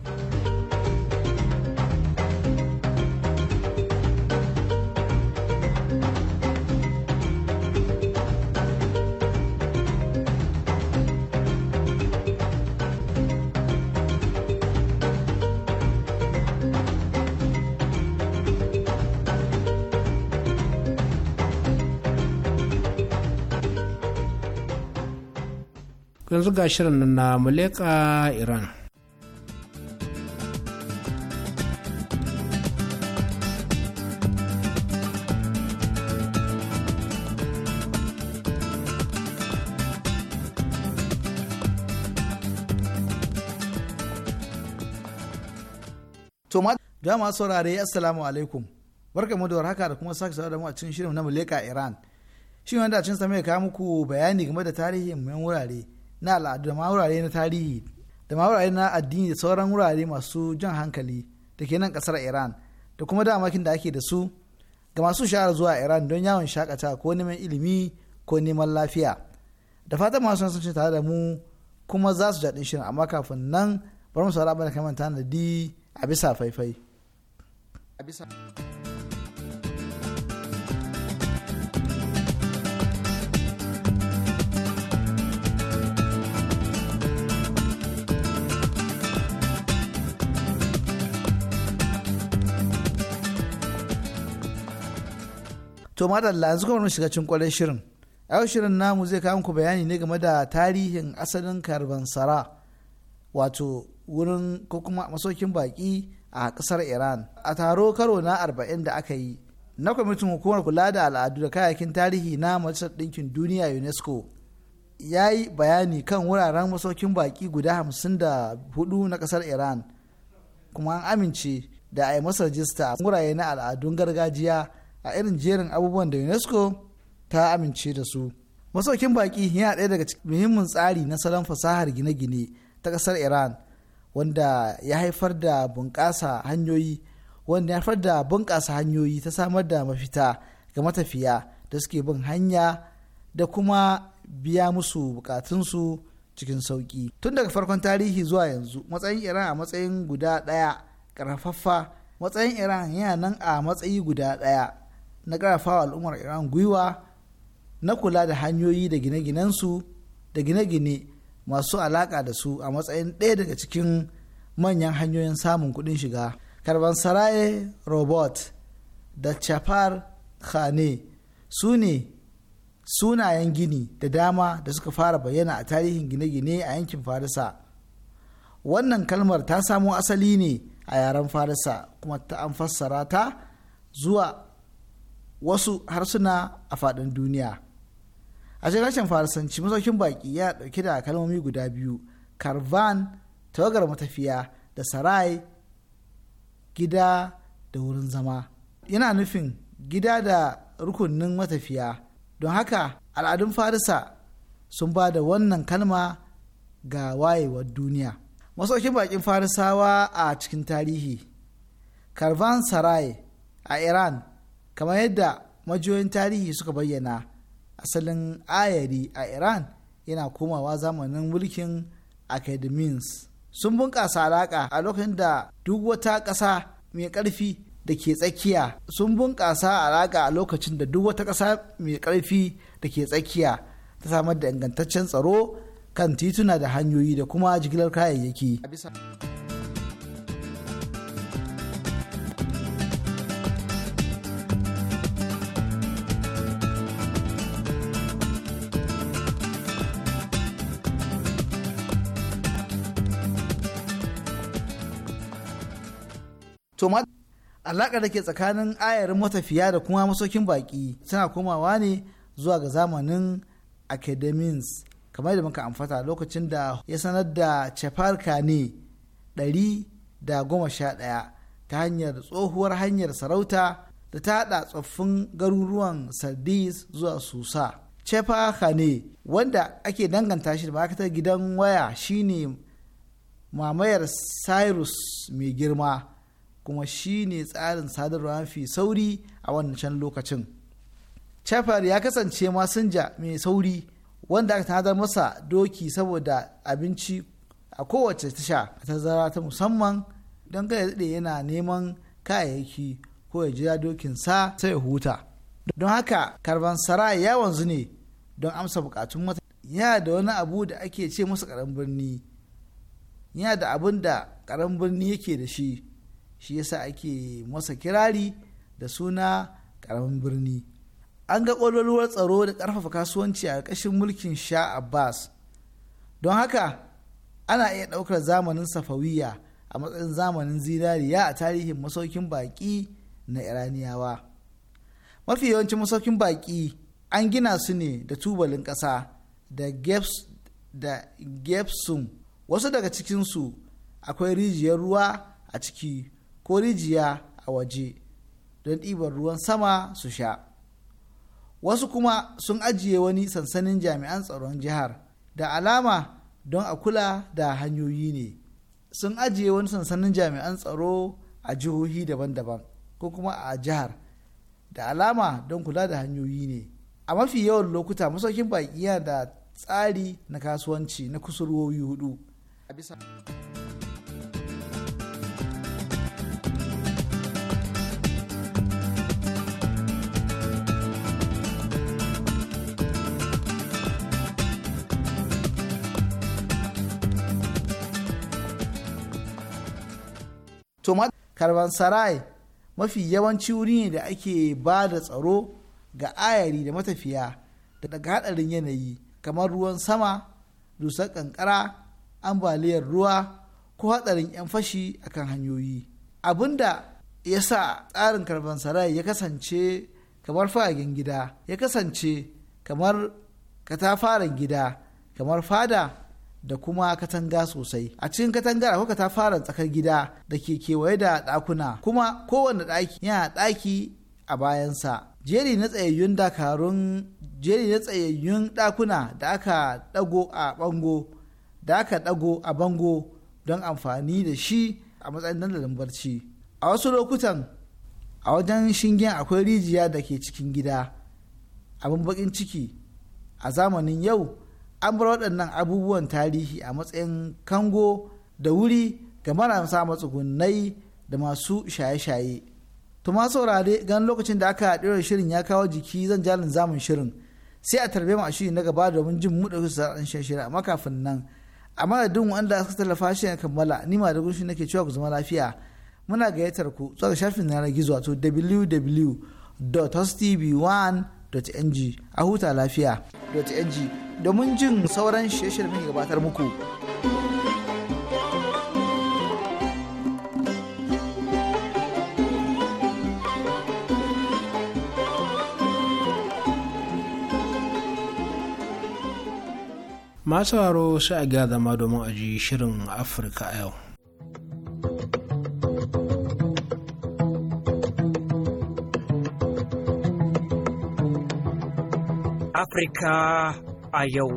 yanzu ga shirin na muleka iran Toma saurare assalamu alaikum barka mu da warhaka da kuma sake da mu a cikin shirin na muleka iran shin wanda cin sa mai kawo muku bayani game da tarihin mai wurare na al'adu da ma wurare na tarihi da ma wurare na addini da sauran wurare masu jan hankali da ke nan kasar iran da kuma damakin da ake da su ga masu sha'ar zuwa iran don yawon shakata ko neman ilimi ko neman lafiya da fatan masu sun tare da mu kuma za su jaɗin shirin amma kafin nan bari mu saurara da kamar tanadi a bisa faifai. A bisa. To madalla yanzu kuma mu shiga cikin kwalar shirin. Yau shirin namu zai kawo muku bayani ne game da tarihin asalin Karbansara wato wurin ko kuma masaukin baki a kasar Iran. A taro karo na arba'in da aka yi na kwamitin hukumar kula da al'adu da kayayyakin tarihi na Majalisar Ɗinkin Duniya UNESCO ya yi bayani kan wuraren masaukin baki guda hamsin da hudu na kasar Iran kuma an amince da a yi masa rajista wurare na al'adun gargajiya a irin jerin abubuwan da unesco ta amince da su masaukin baki yana ɗaya daga muhimmin tsari na salon fasahar gine-gine ta ƙasar iran wanda ya haifar da bunƙasa hanyoyi wanda ya haifar da bunƙasa hanyoyi ta samar da mafita ga matafiya da suke bin hanya da kuma biya musu bukatunsu cikin sauƙi tun daga farkon tarihi zuwa yanzu matsayin iran a matsayin guda ɗaya ƙarfafa matsayin iran yana nan a matsayi guda ɗaya na ƙarfafa al'ummar iran gwiwa na kula da hanyoyi da gine-ginensu da gine-gine masu alaƙa da su a matsayin ɗaya daga cikin manyan hanyoyin samun kuɗin shiga karbansaraye robot da chafar khane su ne sunayen gini da dama da suka fara bayyana a tarihin gine-gine a yankin farisa wannan kalmar ta samo asali ne a yaren farisa kuma ta an fassara ta zuwa wasu harsuna a faɗin duniya a cikin rashin farisanci masaukin baƙi ya ɗauke da kalmomi guda biyu karvan tawagar matafiya da sarai gida da wurin zama yana nufin gida da rukunin matafiya don haka al'adun farisa sun ba da wannan kalma ga wayewar duniya masaukin baƙin farisawa a cikin tarihi karvan sarai a iran kamar yadda majiyoyin tarihi suka bayyana asalin ayari a iran yana komawa zamanin mulkin academies sun bunƙasa alaƙa a lokacin da duk wata ƙasa mai ƙarfi da ke tsakiya sun bunƙasa alaƙa a lokacin da duk wata ƙasa mai ƙarfi da ke tsakiya ta samar da ingantaccen tsaro kan tituna da hanyoyi da kuma jigilar kayayyaki. to ma alaƙar da ke tsakanin ayarin matafiya da kuma masokin baƙi tana komawa ne zuwa ga zamanin academies kamar da muka amfata lokacin da ya sanar da cefarka ne ɗari da goma sha ɗaya ta hanyar tsohuwar hanyar sarauta da ta haɗa tsoffin garuruwan sardis zuwa susa cefarka ne wanda ake danganta shi da ma'aikatar gidan waya shine mamayar cyrus mai girma kuma shi ne tsarin sadarwa mafi sauri a wannan wancan lokacin chafar ya kasance masinja mai sauri wanda aka tanadar masa doki saboda abinci a kowace tasha a tazara ta musamman don kada daɗe yana neman kayayyaki ko ya jira dokinsa sai ya huta don haka karban sarai ya wanzu ne don amsa bukatun mata yana da wani abu da ake ce masa karan birni yana da abin da karan birni yake da shi shi yasa ake masa kirari da suna karamin birni an ga ƙwaƙwalwar tsaro da ƙarfafa kasuwanci a ƙarƙashin mulkin sha abbas don haka ana iya ɗaukar zamanin safawiya a matsayin zamanin zinariya a tarihin masaukin baƙi na iraniyawa mafi yawancin masaukin baƙi an gina su ne da tubalin ƙasa da gefsun wasu daga cikinsu akwai rijiyar ruwa a ciki ko rijiya a waje don ɗibar ruwan sama su sha wasu kuma sun ajiye wani sansanin jami'an tsaron jihar da alama don a kula da hanyoyi ne sun ajiye wani sansanin jami'an tsaro a jihohi daban-daban ko kuma a jihar da alama don kula da hanyoyi ne a mafi yawan lokuta masaukin baƙiya da tsari na kasuwanci na kusurwoyi hudu. karbansarai mafi yawanci wuri ne da ake ba da tsaro ga ayari da matafiya da daga hadarin yanayi kamar ruwan sama dusar kankara ambaliyar ruwa ko hadarin 'yan fashi akan hanyoyi abinda ya sa tsarin karbansarai ya kasance kamar fagen gida ya kasance kamar katafaren gida kamar fada da kuma katanga sosai a cikin katangar akwai ta fara tsakar gida da ke kewaye da ɗakuna kuma kowane ɗaki yana ɗaki a bayansa jeri na tsayayyun dakarun jeri na tsayayyun ɗakuna da aka ɗago a bango da aka ɗago a bango don amfani da shi a matsayin dandalin barci a wasu lokutan a wajen shingen akwai rijiya da ke cikin gida abin bakin ciki a zamanin yau an bar waɗannan abubuwan tarihi a matsayin kango da wuri ga marasa matsugunai da masu shaye-shaye. Tuma saurare gan lokacin da aka ɗora shirin ya kawo jiki zan jalin zamun shirin sai a tarbe mu a shiri na gaba domin jin mu ɗauki sa'an shirye amma kafin nan a madadin wanda suka tallafa shi ya kammala ni ma da gushi nake cewa ku zama lafiya muna gayyatar ku zuwa shafin na gizo wato www.hostv1 www.ng a huta lafiya ng domin jin sauran shirye-shiryen gabatar muku. masu haro sai a gada ma domin ji shirin afirka yau Afirka a yau.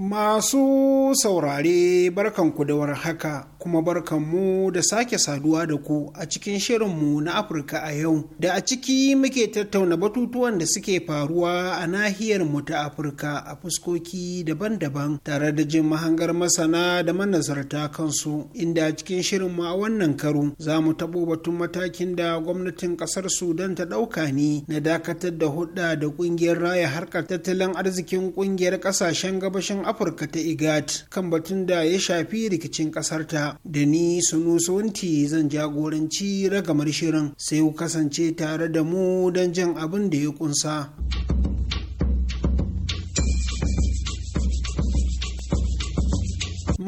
Masu saurare barkanku da warhaka. haka. kuma barkan mu da sake saduwa da ku a cikin shirinmu na Afirka a yau. Da a ciki muke tattauna batutuwan da suke faruwa a nahiyar mu ta Afirka a fuskoki daban-daban tare da jin mahangar masana da manazarta kansu. Inda a cikin mu a wannan karo za mu tabo batun matakin da gwamnatin kasar Sudan ta ɗauka ne na dakatar da hudda da kungiyar raya harkar tattalin arzikin kungiyar kasashen gabashin Afirka ta IGAD kan batun da ya shafi rikicin kasar ta. da ni Sunusunti zan jagoranci ragamar shirin sai ku kasance tare da mu don jan abin da ya kunsa.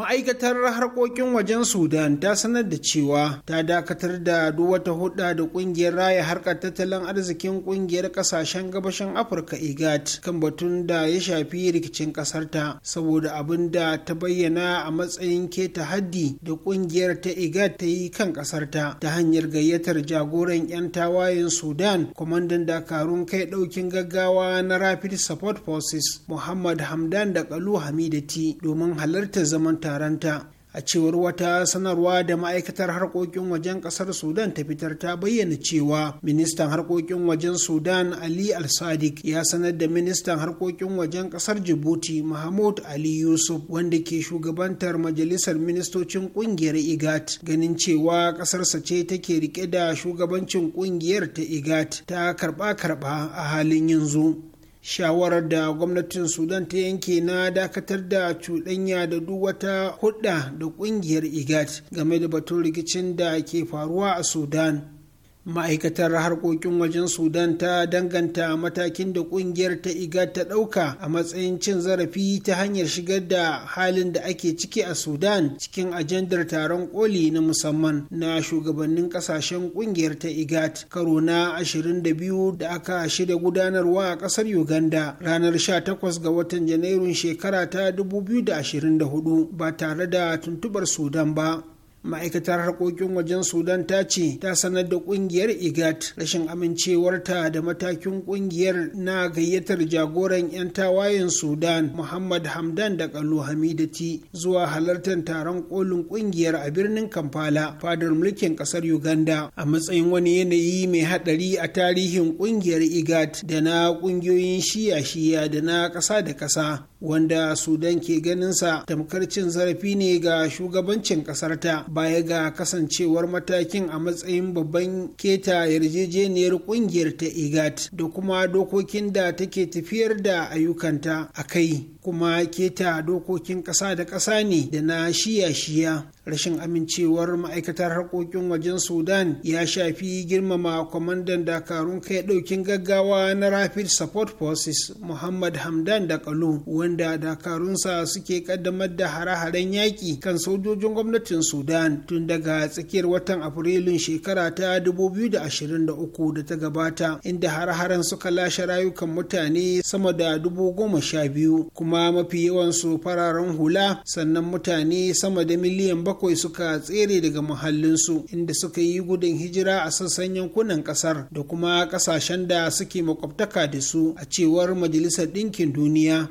ma'aikatar harkokin wajen sudan ta sanar da cewa ta dakatar da duk wata hudda da kungiyar raya harkar tattalin arzikin kungiyar kasashen gabashin afirka igat kan batun da ya shafi rikicin kasarta saboda abin da ta bayyana a matsayin keta haddi da kungiyar ta igat ta yi kan kasarta ta hanyar gayyatar jagoran 'yan tawayen sudan kwamandan dakarun kai daukin gaggawa na rapid support forces muhammad hamdan da kalu hamidati domin halartar zaman taronta a cewar wata sanarwa da ma'aikatar harkokin wajen kasar sudan ta fitar ta bayyana cewa ministan harkokin wajen sudan ali al-sadiq ya sanar da ministan harkokin wajen kasar jibuti mahmud ali yusuf wanda ke shugabantar majalisar ministocin kungiyar igat ganin cewa kasarsa ce take rike da shugabancin kungiyar ta igat ta karba karba a halin yanzu shawarar da gwamnatin sudan ta yanke na dakatar da cuɗanya da duk wata hudda da ƙungiyar igat game da batun rikicin da ke faruwa a sudan ma'aikatar harkokin wajen sudan ta danganta matakin da kungiyar ta iga ta ɗauka a matsayin cin zarafi ta hanyar shigar da halin da ake ciki a sudan cikin ajandar taron koli na musamman na shugabannin kasashen kungiyar ta igat karo na 22 da aka shirya gudanarwa a ƙasar uganda ranar 18 ga watan janairun shekara ta 2024 ba tare da tuntubar sudan ba ma'aikatar harkokin wajen sudan ta ce ta sanar da kungiyar igat rashin amincewarta da matakin kungiyar na gayyatar jagoran 'yan tawayen sudan muhammad hamdan da kalu hamidati zuwa halartar taron kolin kungiyar a birnin kampala fadar mulkin kasar uganda a matsayin wani yanayi mai hadari a tarihin kungiyar igat da na kungiyoyin shiya-shiya da na kasa da kasa wanda sudan ke ganin sa tamkar cin zarafi ne ga shugabancin kasarta baya ga kasancewar matakin a matsayin babban keta yarjejeniyar kungiyar ta igat da kuma dokokin da take tafiyar da ayyukanta a kai kuma keta dokokin ƙasa da ƙasa ne da na shiya-shiya rashin amincewar ma'aikatar harkokin wajen sudan ya shafi girmama kwamandan dakarun kai daukin gaggawa na rapid support forces muhammad hamdan da kalu wanda dakarunsa suke kaddamar da hare-haren yaƙi kan sojojin gwamnatin sudan tun daga tsakiyar watan afrilun shekara ta 2023 da ta gabata inda hare-haren suka lashe rayukan mutane sama da dubu kuma kuma mafi yawan su fararen hula sannan mutane sama da miliyan bakwai suka tsere daga muhallinsu inda suka yi gudun hijira a sassan yankunan kasar da kuma kasashen da suke makwabtaka da su a cewar majalisar ɗinkin duniya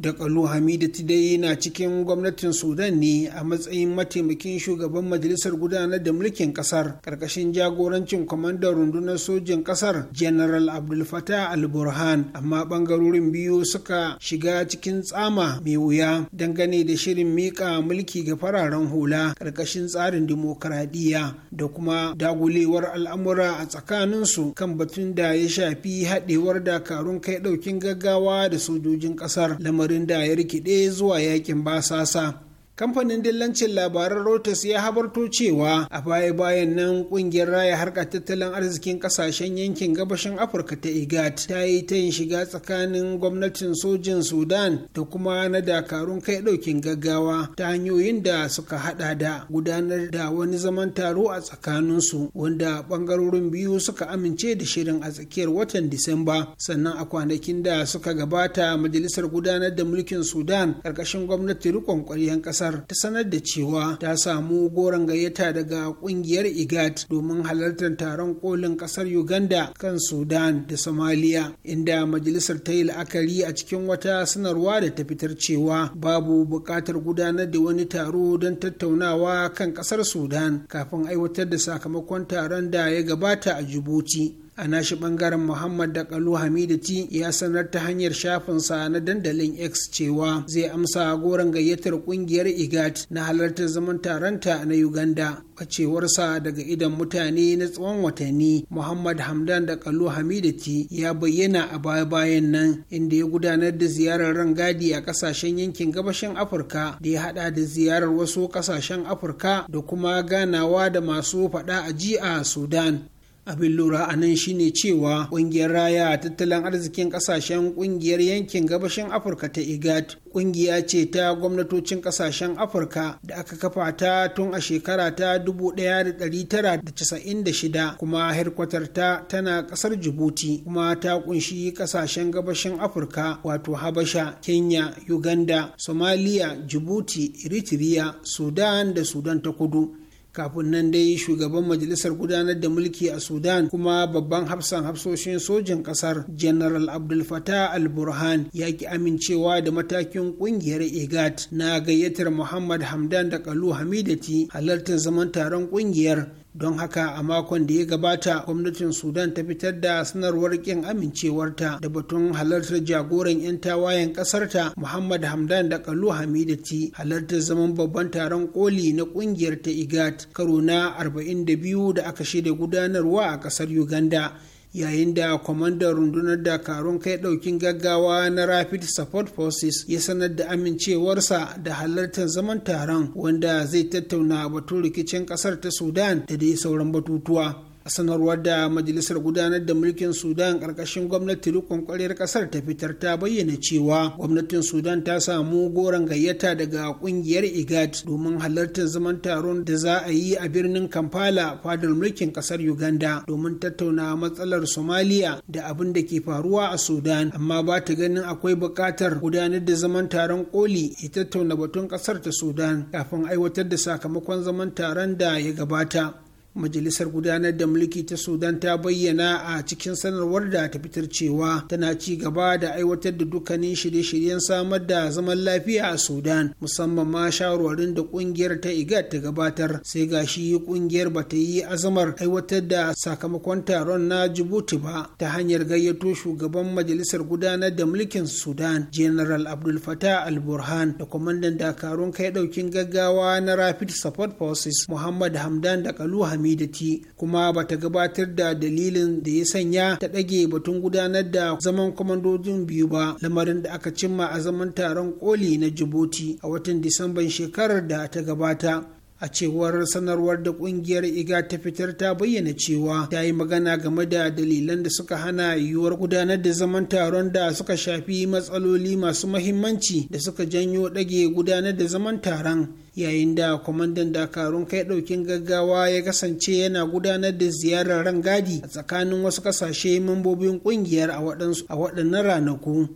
da Dakalu Hamidu Tidai na cikin gwamnatin Sudan ne a matsayin mataimakin shugaban majalisar gudanar da mulkin kasar karkashin jagorancin kwamandan rundunar sojin kasar General Abdul Fattah Al-Burhan amma bangarorin biyu suka shiga cikin tsama mai wuya dangane da shirin mika mulki ga fararen hula karkashin tsarin dimokuraɗiyya da kuma dagulewar al'amura a tsakaninsu kan batun da ya shafi haɗewar dakarun kai ɗaukin gaggawa da sojojin ƙasar lamar. lamarin da ya rikide zuwa yakin basasa kamfanin dillancin labaran Reuters ya habarto cewa a baya-bayan nan kungiyar raya harkar tattalin arzikin kasashen yankin gabashin Afirka ta IGAD ta yi ta yin shiga tsakanin gwamnatin sojin Sudan da kuma na dakarun kai ɗaukin gaggawa ta hanyoyin da suka hada da gudanar da wani zaman taro a tsakaninsu wanda ɓangarorin biyu suka amince da shirin a tsakiyar watan Disamba sannan a kwanakin da suka gabata majalisar gudanar da mulkin Sudan ƙarƙashin gwamnati riƙon ƙwaryen ƙasa kasar ta sanar da cewa ta samu goron gayyata daga kungiyar igat domin halartar taron kolin kasar uganda kan sudan da somalia inda majalisar ta yi la'akari a cikin wata sanarwa da ta fitar cewa babu buƙatar gudanar da wani taro don tattaunawa kan kasar sudan kafin aiwatar da sakamakon taron da ya gabata a jibuti a nashi bangaren muhammad da kalu hamidati ya sanar ta hanyar shafin sa na dandalin x cewa zai amsa goron gayyatar kungiyar igat na halartar zaman taronta na uganda bacewarsa daga idan mutane na tsawon watanni muhammad hamdan da kalu hamidati ya bayyana a baya-bayan nan inda ya gudanar da ziyarar rangadi a kasashen yankin gabashin afirka da ya hada da ziyarar wasu kasashen afirka da kuma ganawa da masu faɗa a ji a sudan abin lura a nan shine cewa kungiyar raya tattalin arzikin kasashen kungiyar yankin gabashin afirka ta igat kungiya ce ta gwamnatocin kasashen afirka da aka kafa ta tun a shekara ta 1996 kuma herkwatar ta tana kasar jibuti kuma ta kunshi kasashen gabashin afirka wato habasha kenya uganda somalia jibuti eritrea sudan da sudan ta kudu kafin nan dai shugaban majalisar gudanar da mulki a sudan kuma babban hafsan hafsoshin sojin kasar general abdul fatah al-burhan ya ki amincewa da matakin kungiyar egat na gayyatar muhammad hamdan da kalu hamidati halartar zaman taron kungiyar don haka a makon da ya gabata gwamnatin sudan ta fitar da sanarwar kin amincewarta da batun halartar jagoran 'yan tawayen kasarta muhammad hamdan da kalu hamidati halartar zaman babban taron koli na kungiyar ta igat karo na 42 da aka shirya gudanarwa a kasar uganda yayin da kwamandan rundunar dakarun kai daukin gaggawa na rapid support forces ya sanar da amincewarsa da halartar zaman taron wanda zai tattauna batun rikicin kasar ta sudan da dai sauran batutuwa a sanarwar da majalisar gudanar da mulkin sudan ƙarƙashin gwamnati rikon kwarar ƙasar ta fitar ta bayyana cewa gwamnatin sudan ta samu goron gayyata daga ƙungiyar igad domin halartar zaman taron da za a yi a birnin kampala fadar mulkin ƙasar uganda domin tattauna matsalar somaliya da abin da ke faruwa a sudan amma ba ta ganin akwai buƙatar gudanar da zaman taron koli ya tattauna batun ƙasar ta sudan kafin aiwatar da sakamakon zaman taron da ya gabata majalisar gudanar da mulki ta sudan ta bayyana a cikin sanarwar da ta fitar cewa tana ci gaba da aiwatar da dukkanin shirye-shiryen samar da zaman lafiya a sudan musamman ma shawarwarin da kungiyar ta igat ta gabatar sai gashi kungiyar ba ta yi azamar aiwatar da sakamakon taron na jibuti ba ta hanyar gayyato shugaban majalisar gudanar da mulkin sudan general abdul fatah al burhan da kwamandan dakarun kai ɗaukin gaggawa na rapid support forces muhammad hamdan da kaluha hamidati kuma ba ta gabatar da dalilin da ya sanya ta ɗage batun gudanar da zaman kwamandojin biyu ba lamarin da aka cimma a zaman taron koli na jibuti a watan disamban shekarar da ta gabata a cewar sanarwar da kungiyar iga ta fitar ta bayyana cewa ta yi magana game da dalilan da suka hana yiwuwar gudanar da zaman taron da suka shafi matsaloli masu mahimmanci da suka janyo ɗage gudanar da zaman taron yayin da kwamandan dakarun kai ɗaukin gaggawa ya kasance yana gudanar da ziyarar rangadi a tsakanin wasu ƙasashe mambobin ƙungiyar a waɗannan ranaku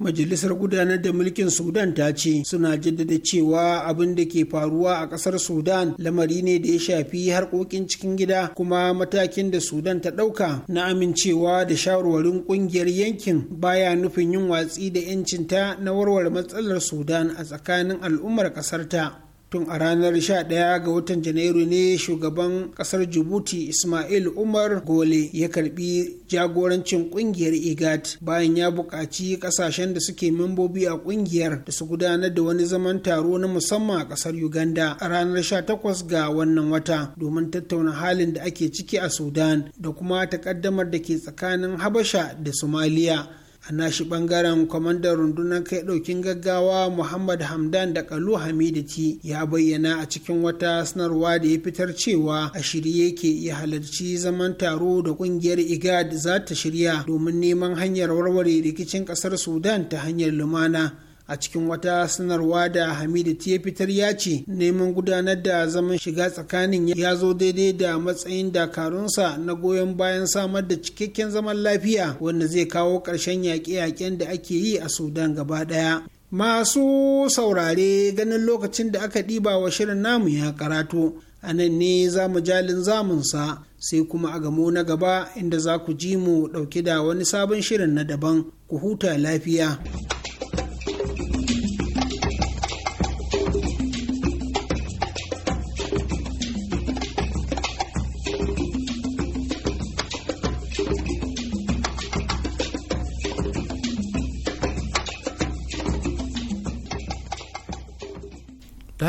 majalisar gudanar da mulkin sudan ta ce suna jaddada cewa abin da ke faruwa a kasar sudan lamari ne da ya shafi harkokin cikin gida kuma matakin da sudan ta ɗauka na amincewa da shawarwarin ƙungiyar yankin baya nufin yin watsi da 'yancinta na warware matsalar sudan a tsakanin al'ummar ƙasarta. tun a ranar 11 ga watan janairu ne shugaban kasar jibuti ismail umar gole ya karbi jagorancin kungiyar igat bayan ya buƙaci ƙasashen da suke membobi a kungiyar da su gudanar da wani zaman taro na musamman a ƙasar uganda a ranar 18 ga wannan wata domin tattauna halin da ake ciki a sudan da kuma takaddamar da ke tsakanin habasha da somaliya a nashi bangaren kwamandan rundunar kai daukin gaggawa muhammad hamdan da kalu hamidati ya bayyana a cikin wata sanarwa da ya fitar cewa a shirye ke ya halarci zaman taro da kungiyar igad za ta shirya domin neman hanyar warware rikicin kasar sudan ta hanyar lumana a cikin wata sanarwa da hamidu ya fitar ya ce neman gudanar da zaman shiga tsakanin ya zo daidai da matsayin dakarunsa na goyon bayan samar da cikakken zaman lafiya wanda zai kawo ƙarshen yaƙe-yaƙen da ake yi a sudan gaba ɗaya masu saurare ganin lokacin da aka ɗiba wa shirin namu ya karatu a nan ne za mu jalin zamunsa sai kuma a gamo na gaba inda za ku ji mu ɗauke da wani sabon shirin na daban ku huta lafiya.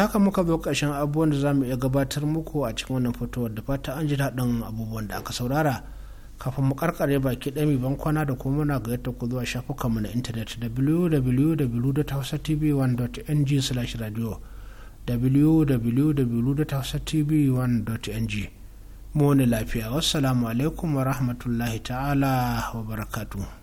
haka muka zo ƙarshen abubuwan da za mu iya gabatar muku a cikin wannan fitowar da fata an ji daɗin abubuwan da aka saurara kafin mu karkare baki ɗami ban kwana da kuma muna ga yadda ku zuwa shafukanmu na intanet www.hausatv1.ng slash radio www.hausatv1.ng mu wani lafiya wassalamu alaikum wa rahmatullahi ta'ala wa barakatuhu